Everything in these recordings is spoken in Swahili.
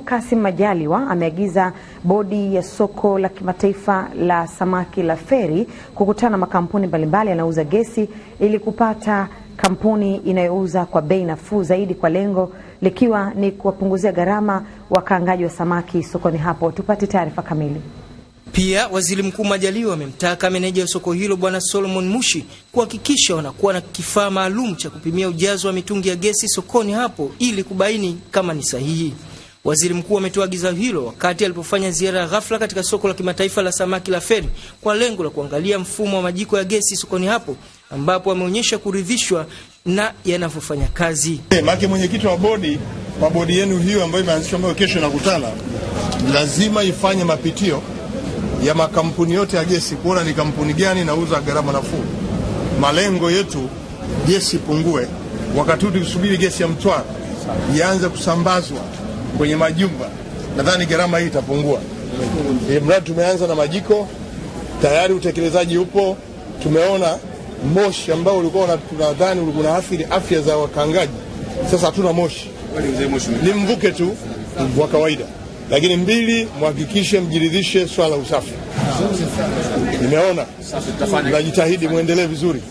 Kasim Majaliwa ameagiza bodi ya soko la kimataifa la samaki la Feri kukutana na makampuni mbalimbali yanayouza gesi ili kupata kampuni inayouza kwa bei nafuu zaidi, kwa lengo likiwa ni kuwapunguzia gharama wakaangaji wa samaki sokoni hapo. Tupate taarifa kamili. Pia waziri mkuu Majaliwa amemtaka meneja wa soko hilo bwana Solomon Mushi kuhakikisha wanakuwa na kifaa maalum cha kupimia ujazo wa mitungi ya gesi sokoni hapo ili kubaini kama ni sahihi. Waziri Mkuu ametoa agizo hilo wakati alipofanya ziara ya ghafla katika soko la kimataifa la samaki la Feri kwa lengo la kuangalia mfumo wa majiko ya gesi sokoni hapo, ambapo ameonyesha kuridhishwa na yanavyofanya kazi. Hey, eh, mwenyekiti wa bodi wa bodi yenu hiyo ambayo imeanzishwa ambayo kesho inakutana, lazima ifanye mapitio ya makampuni yote ya gesi kuona ni kampuni gani inauza gharama nafuu. Malengo yetu gesi ipungue, wakati huu tukisubiri gesi ya Mtwara ianze kusambazwa kwenye majumba, nadhani gharama hii itapungua. Mradi tumeanza na majiko tayari, utekelezaji upo. Tumeona moshi ambao ulikuwa tunadhani ulikuwa unaathiri afya za wakangaji, sasa hatuna moshi, ni mvuke tu wa kawaida. Lakini mbili, mhakikishe mjiridhishe swala usafi. Nimeona mnajitahidi, mwendelee vizuri,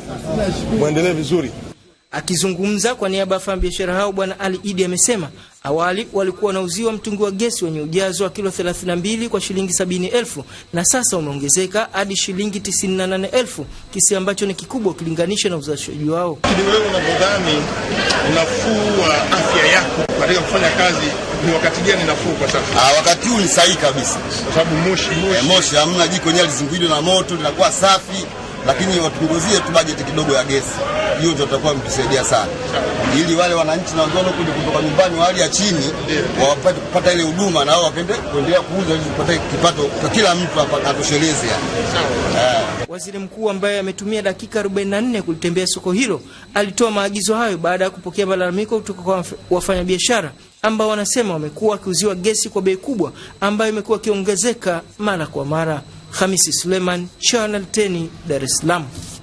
mwendelee vizuri. Akizungumza kwa niaba ya wafanyabiashara hao, Bwana Ali Idi amesema Awali walikuwa wanauziwa mtungi wa gesi wenye ujazo wa kilo 32 kwa shilingi 70,000 na sasa umeongezeka hadi shilingi 98,000, kisi ambacho ni kikubwa ukilinganisha na uzalishaji wao. Kile Wewe unavyodhani unafuu wa afya yako katika kufanya kazi ni wakati gani nafuu kwa sasa? Ah, wakati huu ni sahihi kabisa, kwa sababu moshi moshi eh, hamna, jiko lenyewe lizingirwa na moto linakuwa safi lakini watunguzie tu bajeti kidogo ya gesi, hiyo ndio tutakuwa mtusaidia sana, ili wale wananchi na wageni kuja kutoka nyumbani wa hali ya chini wapate kupata ile huduma na wao wapende kuendelea kuuza ili kupata kipato kwa kila mtu hapa atosheleze. Yeah. Waziri Mkuu ambaye ametumia dakika 44 kulitembea soko hilo alitoa maagizo hayo baada ya kupokea malalamiko kutoka kwa wafanyabiashara ambao wanasema wamekuwa wakiuziwa gesi kwa bei kubwa ambayo imekuwa ikiongezeka mara kwa mara. Hamisi Suleiman, Channel 10, Dar es Salaam.